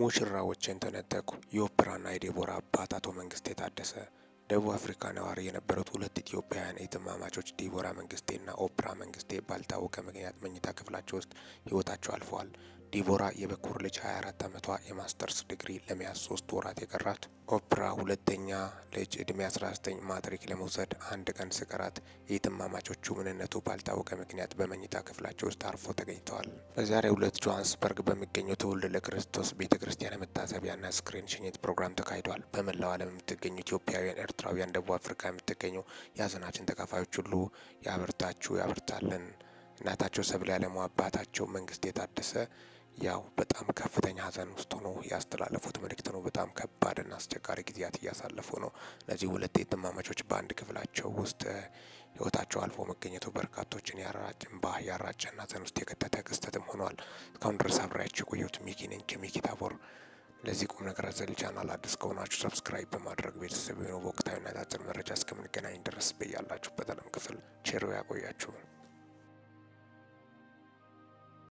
ሙሽራዎችን ተነጠቁ። የኦፕራና የዴቦራ አባት አቶ መንግስቴ ታደሰ ደቡብ አፍሪካ ነዋሪ የነበሩት ሁለት ኢትዮጵያውያን እህትማማቾች ዲቦራ መንግስቴና ኦፕራ መንግስቴ ባልታወቀ ምክንያት መኝታ ክፍላቸው ውስጥ ህይወታቸው አልፈዋል። ዲቦራ የበኩር ልጅ 24 ዓመቷ የማስተርስ ዲግሪ ለመያዝ ሶስት ወራት የቀራት፣ ኦፕራ ሁለተኛ ልጅ እድሜ 19 ማትሪክ ለመውሰድ አንድ ቀን ስቀራት የትማማቾቹ ምንነቱ ባልታወቀ ምክንያት በመኝታ ክፍላቸው ውስጥ አርፎ ተገኝተዋል። በዛሬ ሁለት ጆሃንስበርግ በሚገኘው ትውልድ ለክርስቶስ ቤተ ክርስቲያን መታሰቢያና ስክሪን ሽኝት ፕሮግራም ተካሂዷል። በመላው ዓለም የምትገኙ ኢትዮጵያውያን፣ ኤርትራውያን፣ ደቡብ አፍሪካ የምትገኙ የሀዘናችን ተካፋዮች ሁሉ ያበርታችሁ ያበርታለን። እናታቸው ሰብለ አለሙ አባታቸው መንግስት የታደሰ ያው በጣም ከፍተኛ ሀዘን ውስጥ ሆኖ ያስተላለፉት መልእክት ነው። በጣም ከባድና አስቸጋሪ ጊዜያት እያሳለፉ ነው። እነዚህ ሁለት እህትማማቾች በአንድ ክፍላቸው ውስጥ ህይወታቸው አልፎ መገኘቱ በርካቶችን ያራጭ እንባ ያራጨና ሐዘን ውስጥ የከተተ ክስተትም ሆኗል። እስካሁን ድረስ አብሬያቸው የቆየሁት ሚኪ ነኝ ከሚኪ ታቦር። ለዚህ ቁም ነገር አዘል ቻናል አዲስ ከሆናችሁ ሰብስክራይብ በማድረግ ቤተሰብ የሆኑ በወቅታዊና አጫጭር መረጃ እስከምንገናኝ ድረስ በያላችሁበት ዓለም ክፍል ቸር ያቆያችሁ።